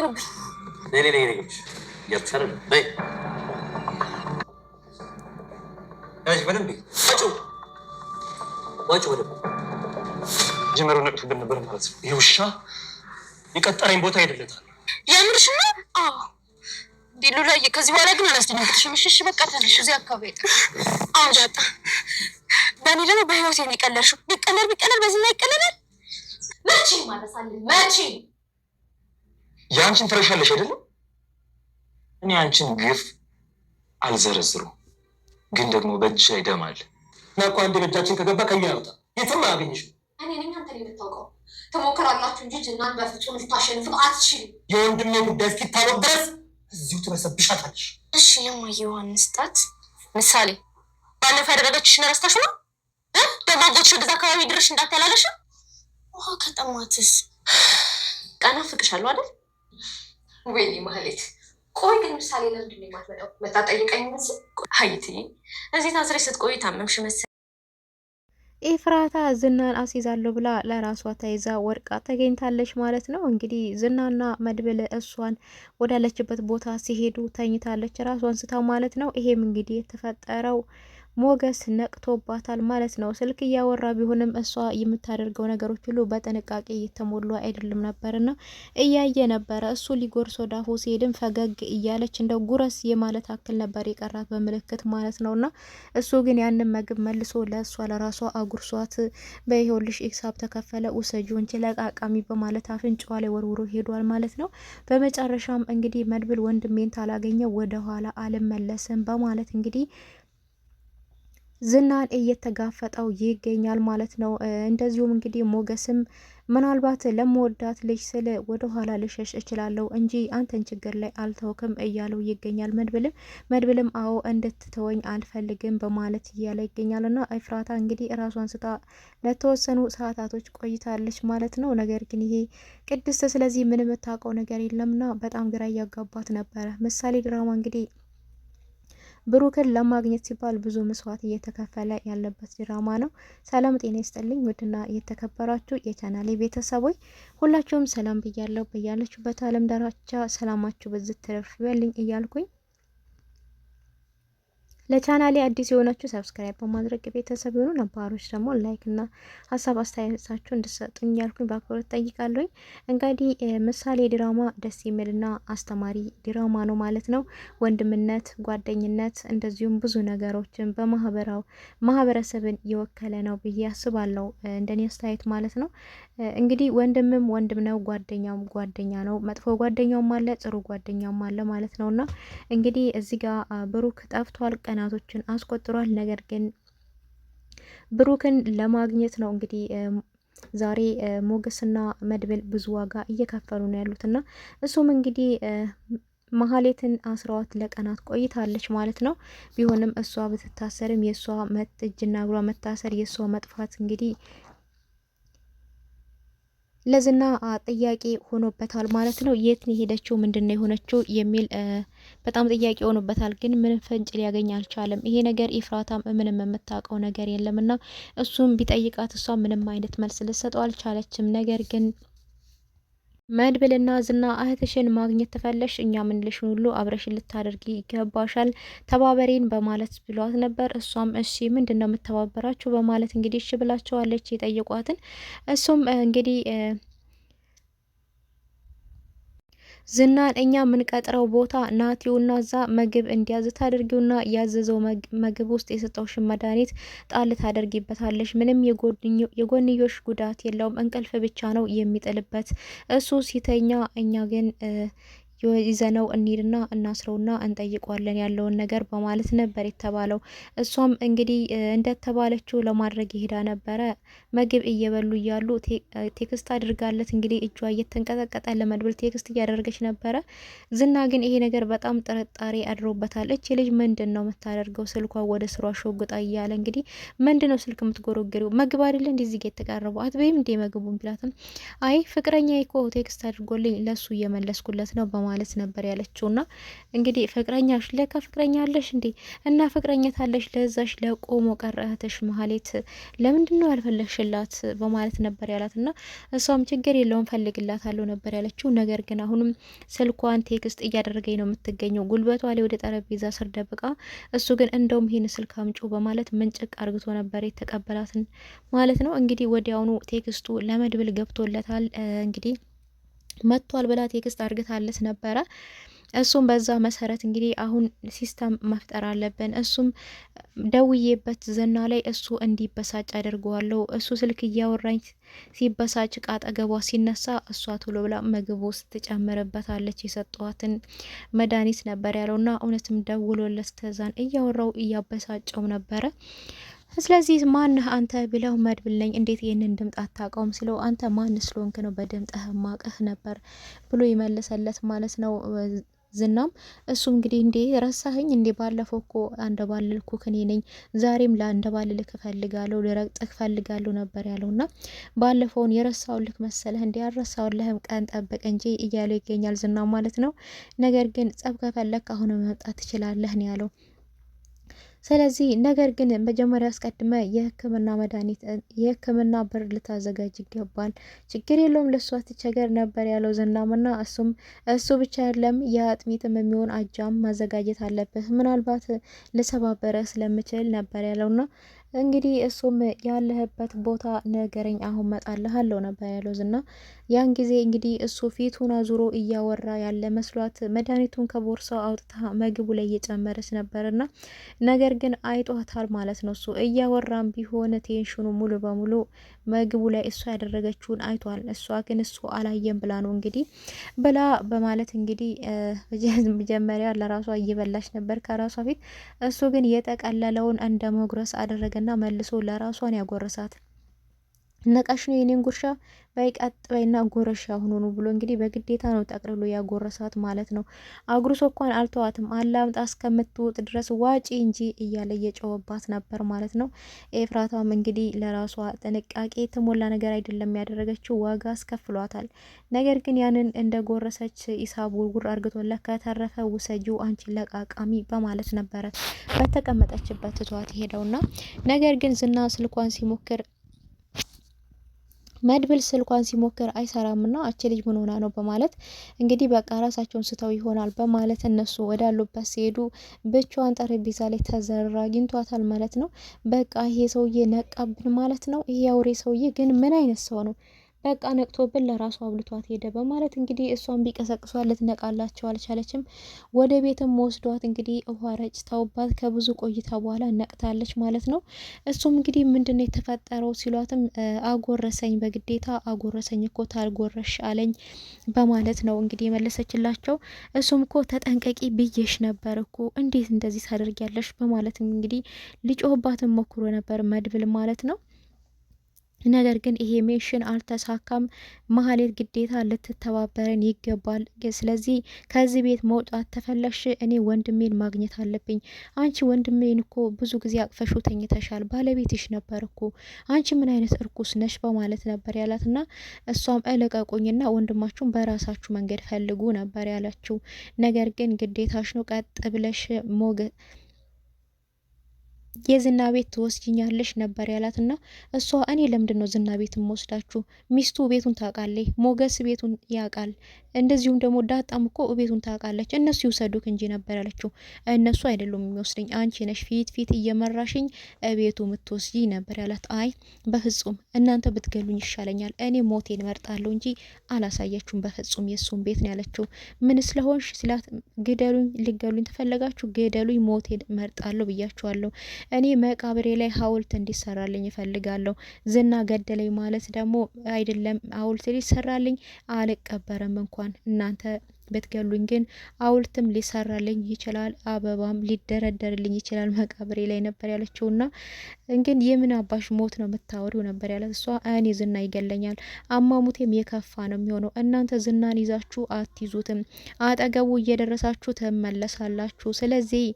Yatırım. Nereye nereye gitmiş? Yatarım. Hey. Yavaş benim bir. Aç onu. Aç onu. ጀመሩን ነበር ማለት ነው። ይህ ውሻ የቀጠረኝ ቦታ ይደለታል። የምርሽን ነው? አዎ ቢሉ ላይ ከዚህ በኋላ ግን አላስደነግጥሽም። እሺ፣ በቃ ተነሽ። እዚህ አካባቢ አሁን ዳጣ በእኔ ደግሞ በህይወት የሚቀለርሽው ቢቀለር ቢቀለር በዚህ ላይ ይቀለላል። መቼ ማለሳለን መቼ የአንቺን ትረሻለሽ አይደለም። እኔ አንቺን ግፍ አልዘረዝሩም፣ ግን ደግሞ በእጅ አይደማል እና እኮ አንዴ በእጃችን ከገባ ከኛ ያወጣ የትም አያገኝሽ። እኔ ነኝ አንተ የምታውቀው ተሞከራላችሁ እንጂ ጅናን በፍጹም ልታሸንፍ አትችልም። የወንድሜ ጉዳይ እስኪታወቅ ድረስ እዚሁ ትበሰብሻታለሽ። እሺ የማየ ዮሐንስ ጣት ምሳሌ ባለፈው ያደረገችሽን ረስተሽ ነው ደግሞ ጎትሽ ወደዛ አካባቢ ድረሽ እንዳታላለሽ ውሃ ከጠማትስ ቀና ፍቅሻለሁ አይደል ወይ ማህሌት፣ ቆይ ግን ምሳሌ ለምንድን ነው የማትመጣው? መጣ ጠይቀኝ መስል ሀይቲ እዚህ ታስረሽ ስትቆይ ታመምሽ መሰለኝ። ኤፍራታ ዝናን አስይዛለሁ ብላ ለራሷ ተይዛ ወርቃ ተገኝታለች ማለት ነው። እንግዲህ ዝናና መድብል እሷን ወዳለችበት ቦታ ሲሄዱ ተኝታለች ራሷን ስታ ማለት ነው። ይሄም እንግዲህ የተፈጠረው ሞገስ ነቅቶባታል ማለት ነው። ስልክ እያወራ ቢሆንም እሷ የምታደርገው ነገሮች ሁሉ በጥንቃቄ እየተሞሉ አይደለም ነበርና እያየ ነበረ። እሱ ሊጎርሶ ዳሁ ሲሄድም ፈገግ እያለች እንደ ጉረስ የማለት አክል ነበር የቀራት በምልክት ማለት ነውና እሱ ግን ያንን ምግብ መልሶ ለእሷ ለራሷ አጉርሷት በይኸውልሽ ሂሳብ ተከፈለ ውሰጂውን ለቃቃሚ በማለት አፍንጫዋ ላይ ወርውሮ ሄዷል ማለት ነው። በመጨረሻም እንግዲህ መድብል ወንድሜን ታላገኘ ወደኋላ አልመለስም በማለት እንግዲህ ዝናን እየተጋፈጠው ይገኛል ማለት ነው። እንደዚሁም እንግዲህ ሞገስም ምናልባት ለመወዳት ልጅ ስል ወደኋላ ልሸሽ እችላለሁ እንጂ አንተን ችግር ላይ አልተውክም እያለው ይገኛል። መድብልም መድብልም አዎ እንድትተወኝ አልፈልግም በማለት እያለ ይገኛል። እና ኤፍራታ እንግዲህ ራሷን ስታ ለተወሰኑ ሰዓታቶች ቆይታለች ማለት ነው። ነገር ግን ይሄ ቅድስት ስለዚህ ምን የምታውቀው ነገር የለምና በጣም ግራ እያጋባት ነበረ። ምሳሌ ድራማ እንግዲህ ብሩክን ለማግኘት ሲባል ብዙ መስዋዕት እየተከፈለ ያለበት ድራማ ነው። ሰላም ጤና ይስጥልኝ ውድና የተከበራችሁ የቻናሌ ቤተሰቦች ሁላችሁም ሰላም ብያለሁ። በያለችሁበት አለም ዳርቻ ሰላማችሁ በዝት ትረፍ ይበልኝ እያልኩኝ ለቻናሌ አዲስ የሆናችሁ ሰብስክራይብ በማድረግ ቤተሰብ የሆኑ ነባሮች ደግሞ ላይክ እና ሀሳብ አስተያየታችሁ እንድሰጡኝ እያልኩኝ በአክብሮት ጠይቃለሁኝ። እንግዲህ ምሳሌ ድራማ ደስ የሚልና አስተማሪ ድራማ ነው ማለት ነው። ወንድምነት፣ ጓደኝነት እንደዚሁም ብዙ ነገሮችን በማህበራው ማህበረሰብን የወከለ ነው ብዬ አስባለሁ፣ እንደኔ አስተያየት ማለት ነው። እንግዲህ ወንድምም ወንድም ነው፣ ጓደኛም ጓደኛ ነው። መጥፎ ጓደኛውም አለ፣ ጥሩ ጓደኛውም አለ ማለት እና እንግዲህ እዚህ ጋር ብሩክ ጠፍቷል ቀና ቀናቶችን አስቆጥሯል። ነገር ግን ብሩክን ለማግኘት ነው እንግዲህ ዛሬ ሞገስና መድብል ብዙ ዋጋ እየከፈሉ ነው ያሉት እሱም እንግዲህ መሀሌትን አስራዋት ለቀናት ቆይታለች ማለት ነው። ቢሆንም እሷ ብትታሰርም የእሷ እጅና እግሯ መታሰር የእሷ መጥፋት እንግዲህ ለዝና ጥያቄ ሆኖበታል ማለት ነው። የት ነው የሄደችው? ምንድን ነው የሆነችው? የሚል በጣም ጥያቄ ሆኖበታል። ግን ምንም ፍንጭ ሊያገኝ አልቻለም። ይሄ ነገር ኤፍራታም ምንም የምታውቀው ነገር የለምና እሱም ቢጠይቃት እሷ ምንም አይነት መልስ ልሰጠው አልቻለችም። ነገር ግን መድብልና ዝና እህትሽን ማግኘት ትፈለሽ፣ እኛ ምንልሽን ሁሉ አብረሽን ልታደርጊ ይገባሻል፣ ተባበሬን በማለት ብሏት ነበር። እሷም እሺ ምንድን ነው የምተባበራችሁ በማለት እንግዲህ እሺ ብላቸዋለች የጠየቋትን እሱም እንግዲህ ዝናን እኛ የምንቀጥረው ቦታ ናቲውና እዛ ምግብ እንዲያዝ ታደርጊውና ያዘዘው ምግብ ውስጥ የሰጠውሽን መድኃኒት ጣል ታደርጊበታለሽ። ምንም የጎንዮሽ ጉዳት የለውም። እንቅልፍ ብቻ ነው የሚጥልበት እሱ ሲተኛ። እኛ ግን ይዘነው እንሂድና እናስረውና እንጠይቋለን ያለውን ነገር በማለት ነበር የተባለው። እሷም እንግዲህ እንደተባለችው ለማድረግ ይሄዳ ነበረ። ምግብ እየበሉ እያሉ ቴክስት አድርጋለት እንግዲህ እጇ እየተንቀጠቀጠ ለመድብል ቴክስት እያደረገች ነበረ። ዝና ግን ይሄ ነገር በጣም ጥርጣሬ አድሮበታል። እች ልጅ ምንድን ነው የምታደርገው? ስልኳ ወደ ስሯ ሾጉጣ እያለ እንግዲህ ምንድን ነው ስልክ የምትጎረግሪው? ምግብ አይደለ እንዲህ ጋ የተቃረበው አትበይም እንዴ ምግቡን ቢላትም አይ ፍቅረኛ ይኮ ቴክስት አድርጎልኝ ለሱ እየመለስኩለት ነው በማ በማለት ነበር ና እንግዲህ ፍቅረኛሽ ለካ ፍቅረኛ አለሽ እንዴ? እና ፍቅረኛ ታለሽ ለዛሽ ለቆሞ ቀረተሽ መሀሌት ለምንድን ነው ያልፈለግሽላት? በማለት ነበር ያላትና እሷም ችግር የለውም አለው ነበር ያለችው። ነገር ግን አሁንም ስልኳን ቴክስት እያደረገኝ ነው የምትገኘው። ጉልበቷ ላይ ወደ ጠረጴዛ ስር ደብቃ፣ እሱ ግን እንደውም ይህን ስልክ አምጪ በማለት ምንጭቅ አርግቶ ነበር የተቀበላትን ማለት ነው። እንግዲህ ወዲያውኑ ቴክስቱ ለመድብል ገብቶለታል እንግዲህ መጥቷል ብላ ቴክስት አርግታለት ነበረ። እሱም በዛ መሰረት እንግዲህ አሁን ሲስተም መፍጠር አለብን። እሱም ደውዬበት ዝና ላይ እሱ እንዲበሳጭ አድርገዋለሁ። እሱ ስልክ እያወራኝ ሲበሳጭ ቃጠገቧ ሲነሳ እሷ ቶሎ ብላ ምግብ ውስጥ ትጨምርበታለች። የሰጠዋትን መድኃኒት ነበር ያለውና እውነትም ደውሎለት ተዛን እያወራው እያበሳጨው ነበረ። ስለዚህ ማንህ አንተ ብለው መድብል እንዴት ይህንን ድምፅ አታውቀውም ሲለው አንተ ማን ስለሆንክ ነው በድምጽህ ማቀህ ነበር ብሎ ይመልሰለት ማለት ነው። ዝናም እሱም እንግዲህ እንዴ ረሳህኝ እንዴ ባለፈው እኮ አንደ ባልልኩ እኔ ነኝ ዛሬም ባልልክ እፈልጋለሁ ልረግጥህ እፈልጋለሁ ነበር ያለውና ባለፈውን የረሳውልክ መሰለህ እንዴ አልረሳውልህም ቀን ጠበቀ እንጂ እያለው ይገኛል ዝናም ማለት ነው። ነገር ግን ጸብ ከፈለክ አሁን መምጣት ትችላለህ ነው ያለው። ስለዚህ ነገር ግን መጀመሪያ አስቀድመ የህክምና መድኃኒት የህክምና ብር ልታዘጋጅ ይገባል። ችግር የለውም ለእሷ ትቸገር ነበር ያለው ዝናምና፣ እሱም እሱ ብቻ ያለም የአጥሚትም የሚሆን አጃም ማዘጋጀት አለበት ምናልባት ልሰባበረ ስለምችል ነበር ያለውና እንግዲህ እሱም ያለህበት ቦታ ነገረኝ፣ አሁን መጣልሃለሁ ነበር ያለው ዝና። ያን ጊዜ እንግዲህ እሱ ፊቱን አዙሮ እያወራ ያለ መስሏት መድኃኒቱን ከቦርሳው አውጥታ ምግቡ ላይ እየጨመረች ነበርና ነገር ግን አይጧታል ማለት ነው። እሱ እያወራም ቢሆን ቴንሽኑ ሙሉ በሙሉ ምግቡ ላይ እሷ ያደረገችውን አይቷል። እሷ ግን እሱ አላየም ብላ ነው እንግዲህ ብላ በማለት እንግዲህ መጀመሪያ ለራሷ እየበላች ነበር ከራሷ ፊት። እሱ ግን የጠቀለለውን እንደ መጉረስ አደረገ እና መልሶ ለራሷን ያጎርሳት። ነቃሽ ነው የኔን ጉርሻ በይ ጎረሻ ሆኖ ነው ብሎ እንግዲህ በግዴታ ነው ጠቅልሎ ያጎረሳት ማለት ነው። አጉርሶ እንኳን አልተዋትም አላምጣ እስከምትወጥ ድረስ ዋጪ እንጂ እያለ እየጨወባት ነበር ማለት ነው። ኤፍራታም እንግዲህ ለራሷ ጥንቃቄ የተሞላ ነገር አይደለም ያደረገችው፣ ዋጋ አስከፍሏታል። ነገር ግን ያንን እንደ ጎረሰች ሂሳብ ጉርጉር አርግቶላ ከተረፈ ውሰጂው አንቺ ለቃቃሚ በማለት ነበረ በተቀመጠችበት ትቷት ሄደውና ነገር ግን ዝና ስልኳን ሲሞክር መድብል ስልኳን ሲሞክር አይሰራምና አች ልጅ ምን ሆና ነው በማለት እንግዲህ በቃ ራሳቸውን ስተው ይሆናል በማለት እነሱ ወዳሉበት ሲሄዱ ብቻዋን ጠረጴዛ ላይ ተዘራ አግኝቷታል ማለት ነው። በቃ ይሄ ሰውዬ ነቃብን ማለት ነው። ይሄ አውሬ ሰውዬ ግን ምን አይነት ሰው ነው? በቃ ነቅቶብን ለራሱ አብልቷት ሄደ በማለት እንግዲህ እሷን ቢቀሰቅሷ ልትነቃላቸው አልቻለችም። ወደ ቤትም ወስዷት እንግዲህ ውሃ ረጭተውባት ከብዙ ቆይታ በኋላ ነቅታለች ማለት ነው። እሱም እንግዲህ ምንድነው የተፈጠረው ሲሏትም አጎረሰኝ፣ በግዴታ አጎረሰኝ እኮ ታልጎረሽ አለኝ በማለት ነው እንግዲህ የመለሰችላቸው። እሱም እኮ ተጠንቀቂ ብዬሽ ነበር እኮ እንዴት እንደዚህ ታደርጊያለሽ? በማለትም እንግዲህ ሊጮህባትን ሞክሮ ነበር መድብል ማለት ነው። ነገር ግን ይሄ ሜሽን አልተሳካም። መሀሌት ግዴታ ልትተባበረን ይገባል። ስለዚህ ከዚህ ቤት መውጣት ተፈለሽ እኔ ወንድሜን ማግኘት አለብኝ። አንቺ ወንድሜን እኮ ብዙ ጊዜ አቅፈሹ ተኝተሻል፣ ባለቤትሽ ነበር እኮ አንቺ ምን አይነት እርኩስ ነሽ በማለት ነበር ያላትና እሷም እለቀቁኝና ወንድማችሁን በራሳችሁ መንገድ ፈልጉ ነበር ያላችሁ። ነገር ግን ግዴታሽ ነው ቀጥ ብለሽ ሞገ የዝና ቤት ትወስጅኛለሽ ነበር ያላት እና እሷ እኔ ለምንድን ነው ዝና ቤት የምወስዳችሁ? ሚስቱ ቤቱን ታውቃለች፣ ሞገስ ቤቱን ያውቃል፣ እንደዚሁም ደግሞ ዳጣም እኮ ቤቱን ታውቃለች። እነሱ ይውሰዱክ እንጂ ነበር ያለችው። እነሱ አይደሉም የሚወስድኝ፣ አንቺ ነሽ ፊት ፊት እየመራሽኝ ቤቱ የምትወስጂኝ ነበር ያላት። አይ በፍጹም እናንተ ብትገሉኝ ይሻለኛል፣ እኔ ሞቴን መርጣለሁ እንጂ አላሳያችሁም፣ በፍጹም የእሱን ቤት ነው ያለችው። ምን ስለሆንሽ ስላት፣ ግደሉኝ፣ ልገሉኝ ተፈለጋችሁ፣ ግደሉኝ፣ ሞቴን መርጣለሁ ብያችኋለሁ እኔ መቃብሬ ላይ ሀውልት እንዲሰራልኝ እፈልጋለሁ። ዝና ገደለኝ ማለት ደግሞ አይደለም ሀውልት ሊሰራልኝ አልቀበረም እንኳን እናንተ ብትገሉኝ ግን አውልትም ሊሰራልኝ ይችላል፣ አበባም ሊደረደርልኝ ይችላል መቃብሬ ላይ ነበር ያለችው። ና እንግን የምን አባሽ ሞት ነው የምታወሪው ነበር ያለት እሷ። እኔ ዝና ይገለኛል፣ አሟሙቴም የከፋ ነው የሚሆነው። እናንተ ዝናን ይዛችሁ አትይዙትም፣ አጠገቡ እየደረሳችሁ ትመለሳላችሁ። ስለዚህ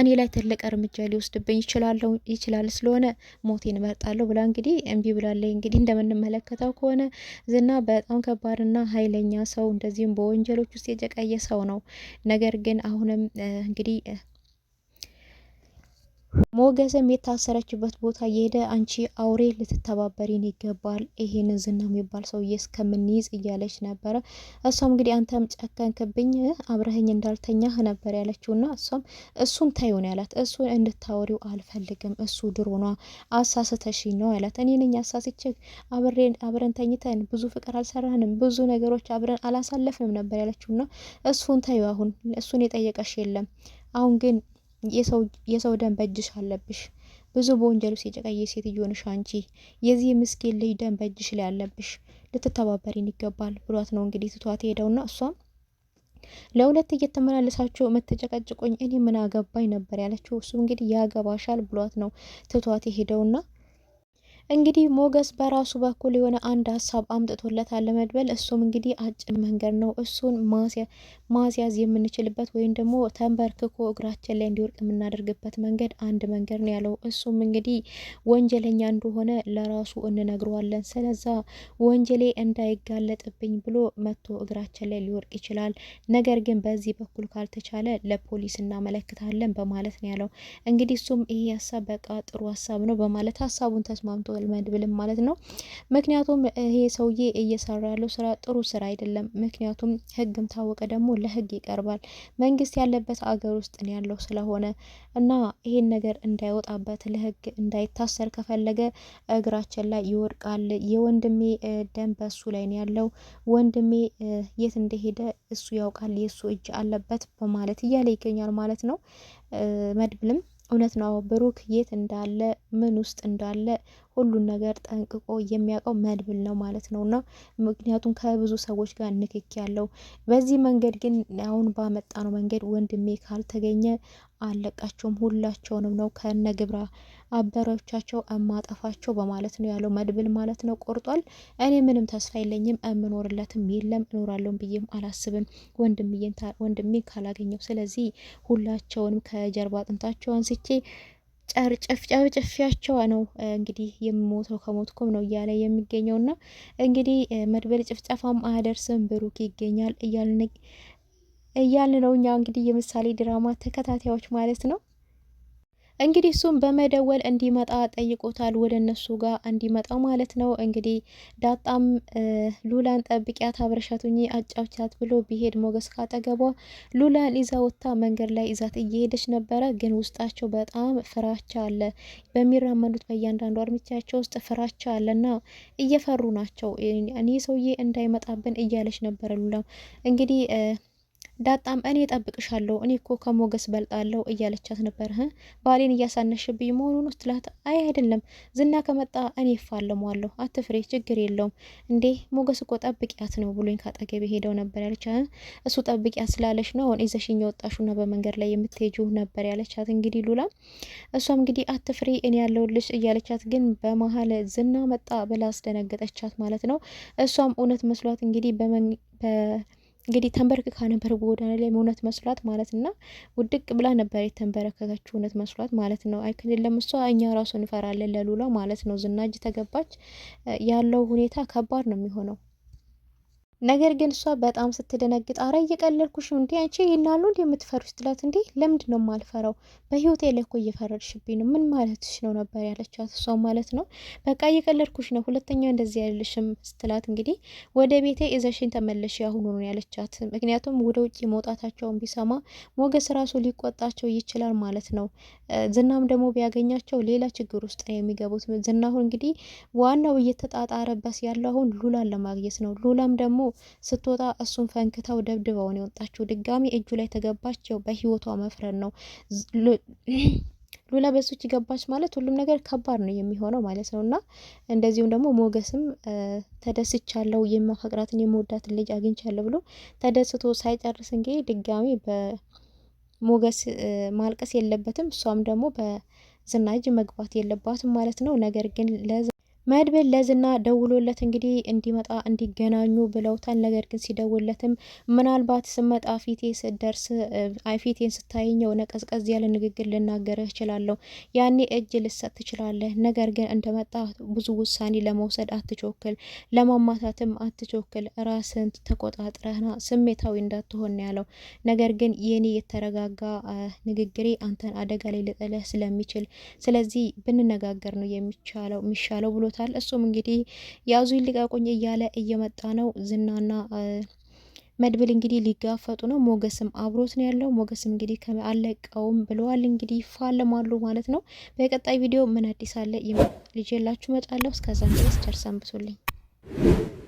እኔ ላይ ትልቅ እርምጃ ሊወስድብኝ ይችላለሁ ይችላል ስለሆነ ሞቴን እመርጣለሁ ብላ እንግዲህ እምቢ ብላለች። እንግዲህ እንደምንመለከተው ከሆነ ዝና በጣም ከባድና ኃይለኛ ሰው እንደዚህም በወንጀሎች ውስጥ የጨቀየ ሰው ነው። ነገር ግን አሁንም እንግዲህ ሞገስም የታሰረችበት ቦታ የሄደ አንቺ አውሬ ልትተባበሪን ይገባል፣ ይሄንን ዝና የሚባል ሰውዬ እስከምንይዝ እያለች ነበረ። እሷም እንግዲህ አንተም ጨከንክብኝ አብረህኝ እንዳልተኛህ ነበር ያለችው ና እሷም እሱን ታዩን ያላት እሱ እንድታወሪው አልፈልግም፣ እሱ ድሮኗ አሳስተሽ ነው ያላት። እኔ ነኝ አሳስቼ አብሬን አብረን ተኝተን ብዙ ፍቅር አልሰራንም፣ ብዙ ነገሮች አብረን አላሳለፍንም ነበር ያለችውና እሱን ታዩ አሁን እሱን የጠየቀሽ የለም አሁን ግን የሰው ደም በእጅሽ አለብሽ። ብዙ በወንጀል ውስጥ የጨቀየ ሴትዮ ነሽ አንቺ። የዚህ ምስኪን ልጅ ደም በእጅሽ ላይ አለብሽ፣ ልትተባበሪን ይገባል ብሏት ነው እንግዲህ ትቷት ሄደውና እሷም ለሁለት እየተመላለሳችሁ የምትጨቀጭቆኝ እኔ ምን አገባኝ ነበር ያለችው። እሱ እንግዲህ ያገባሻል ብሏት ነው ትቷት የሄደውና እንግዲህ ሞገስ በራሱ በኩል የሆነ አንድ ሀሳብ አምጥቶለታል ለመድበል። እሱም እንግዲህ አጭር መንገድ ነው፣ እሱን ማስያዝ የምንችልበት ወይም ደግሞ ተንበርክኮ እግራችን ላይ እንዲወርቅ የምናደርግበት መንገድ አንድ መንገድ ነው ያለው። እሱም እንግዲህ ወንጀለኛ እንደሆነ ለራሱ እንነግረዋለን። ስለዛ ወንጀሌ እንዳይጋለጥብኝ ብሎ መጥቶ እግራችን ላይ ሊወርቅ ይችላል። ነገር ግን በዚህ በኩል ካልተቻለ ለፖሊስ እናመለክታለን በማለት ነው ያለው። እንግዲህ እሱም ይሄ ሀሳብ በቃ ጥሩ ሀሳብ ነው በማለት ሀሳቡን ተስማምቶ ተመልሷል መድብልም ማለት ነው። ምክንያቱም ይሄ ሰውዬ እየሰራ ያለው ስራ ጥሩ ስራ አይደለም። ምክንያቱም ህግም ታወቀ ደግሞ ለህግ ይቀርባል። መንግስት ያለበት አገር ውስጥ ነው ያለው ስለሆነ እና ይሄን ነገር እንዳይወጣበት ለህግ እንዳይታሰር ከፈለገ እግራችን ላይ ይወድቃል። የወንድሜ ደም በሱ ላይ ነው ያለው። ወንድሜ የት እንደሄደ እሱ ያውቃል፣ የእሱ እጅ አለበት በማለት እያለ ይገኛል ማለት ነው መድብልም እውነት ነው ብሩክ የት እንዳለ ምን ውስጥ እንዳለ ሁሉን ነገር ጠንቅቆ የሚያውቀው መድብል ነው ማለት ነው እና ምክንያቱም ከብዙ ሰዎች ጋር ንክኪ ያለው በዚህ መንገድ ግን አሁን ባመጣ ነው መንገድ ወንድሜ ካልተገኘ አለቃቸውም ሁላቸውንም ነው ከነ ግብረ አበሮቻቸው እማጠፋቸው በማለት ነው ያለው መድብል ማለት ነው። ቆርጧል። እኔ ምንም ተስፋ የለኝም እምኖርለትም የለም እኖራለሁም ብዬም አላስብም ወንድሜ ካላገኘው። ስለዚህ ሁላቸውንም ከጀርባ አጥንታቸው አንስቼ ጨፍጨፍያቸው ነው እንግዲህ የምሞተው ከሞትኩም ነው እያለ የሚገኘውና እንግዲህ መድብል ጭፍጨፋም አያደርስም ብሩክ ይገኛል እያልን እያልን ነው እኛ እንግዲህ የምሳሌ ድራማ ተከታታዮች ማለት ነው። እንግዲህ እሱም በመደወል እንዲመጣ ጠይቆታል፣ ወደ እነሱ ጋር እንዲመጣ ማለት ነው። እንግዲህ ዳጣም ሉላን ጠብቂያት አብረሻቱኝ አጫውቻት ብሎ ቢሄድ ሞገስ ካጠገቧ ሉላን ይዛ ወጥታ መንገድ ላይ ይዛት እየሄደች ነበረ። ግን ውስጣቸው በጣም ፍራቻ አለ። በሚራመዱት በእያንዳንዱ እርምጃቸው ውስጥ ፍራቻ አለና እየፈሩ ናቸው። እኔ ሰውዬ እንዳይመጣብን እያለች ነበረ ሉላም እንግዲህ ዳጣም እኔ ጠብቅሻለሁ፣ እኔ እኮ ከሞገስ በልጣለሁ እያለቻት ነበር። ባሌን እያሳነሽብኝ መሆኑን ስትላት፣ አይ አይደለም፣ ዝና ከመጣ እኔ እፋለሟለሁ፣ አትፍሬ፣ ችግር የለውም እንዴ ሞገስ እኮ ጠብቂያት ነው ብሎኝ ካጠገቤ ሄደው ነበር ያለቻ። እሱ ጠብቂያት ስላለች ነው አሁን ይዘሽኝ የወጣሹና በመንገድ ላይ የምትሄጁ ነበር ያለቻት። እንግዲህ ሉላ እሷም እንግዲህ አትፍሬ፣ እኔ ያለሁልሽ እያለቻት፣ ግን በመሀል ዝና መጣ ብላ አስደነገጠቻት ማለት ነው። እሷም እውነት መስሏት እንግዲህ በመ እንግዲህ ተንበርክካ ነበር ጎዳና ላይ እውነት መስሏት ማለት እና ውድቅ ብላ ነበር የተንበረከከችው እውነት መስሏት ማለት ነው። አይክልለም እሷ እኛ ራሱ እንፈራለን ለሉላ ማለት ነው። ዝናጅ ተገባች ያለው ሁኔታ ከባድ ነው የሚሆነው። ነገር ግን እሷ በጣም ስትደነግጥ አረ እየቀለልኩሽ እንዴ አንቺ ይናሉ እንዴ የምትፈሩ ስትላት እንዴ ለምንድን ነው የማልፈራው በህይወቴ ላይ እኮ እየፈረድሽብኝ ነው ምን ማለትሽ ነው ነበር ያለቻት እሷ ማለት ነው በቃ እየቀለልኩሽ ነው ሁለተኛ እንደዚህ ያልልሽም ስትላት እንግዲህ ወደ ቤቴ እዘሽኝ ተመለሽ ያሁኑ ነው ያለቻት ምክንያቱም ወደ ውጭ መውጣታቸውን ቢሰማ ሞገስ ራሱ ሊቆጣቸው ይችላል ማለት ነው ዝናም ደግሞ ቢያገኛቸው ሌላ ችግር ውስጥ ነው የሚገቡት ዝና አሁን እንግዲህ ዋናው እየተጣጣረበት ያለው አሁን ሉላን ለማግኘት ነው ሉላም ደግሞ ስትወጣ እሱን ፈንክተው ደብድበውን የወጣችው ድጋሚ እጁ ላይ ተገባቸው። በህይወቷ መፍረን ነው። ሉላ በሱች ገባች ማለት ሁሉም ነገር ከባድ ነው የሚሆነው ማለት ነው። እና እንደዚሁም ደግሞ ሞገስም ተደስቻለሁ የማፈቅራትን የመወዳትን ልጅ አግኝቻለሁ ብሎ ተደስቶ ሳይጨርስ እንግዲህ ድጋሚ በሞገስ ማልቀስ የለበትም እሷም ደግሞ በዝና እጅ መግባት የለባትም ማለት ነው። ነገር ግን መድብል ለዝና ደውሎለት እንግዲህ እንዲመጣ እንዲገናኙ ብለውታል። ነገር ግን ሲደውልለትም ምናልባት ስመጣ ፊቴ ስደርስ አይፊቴን ስታየኘው ነቀዝቀዝ ያለ ንግግር ልናገርህ እችላለሁ፣ ያኔ እጅ ልሰጥ ትችላለህ። ነገር ግን እንደመጣ ብዙ ውሳኔ ለመውሰድ አትቾክል፣ ለማማታትም አትቾክል፣ ራስን ተቆጣጥረህና ስሜታዊ እንዳትሆን ያለው። ነገር ግን የኔ የተረጋጋ ንግግሬ አንተን አደጋ ላይ ልጥልህ ስለሚችል ስለዚህ ብንነጋገር ነው የሚቻለው የሚሻለው ብሎ ብሎታል። እሱም እንግዲህ ያዙ ይልቀቁኝ እያለ እየመጣ ነው። ዝናና መድብል እንግዲህ ሊጋፈጡ ነው። ሞገስም አብሮት ነው ያለው። ሞገስም እንግዲህ አለቀውም ብለዋል። እንግዲህ ፋለማሉ ማለት ነው። በቀጣይ ቪዲዮ ምን አዲስ አለ ልጄ ላችሁ መጣለሁ። እስከዛ ድረስ ደርሰን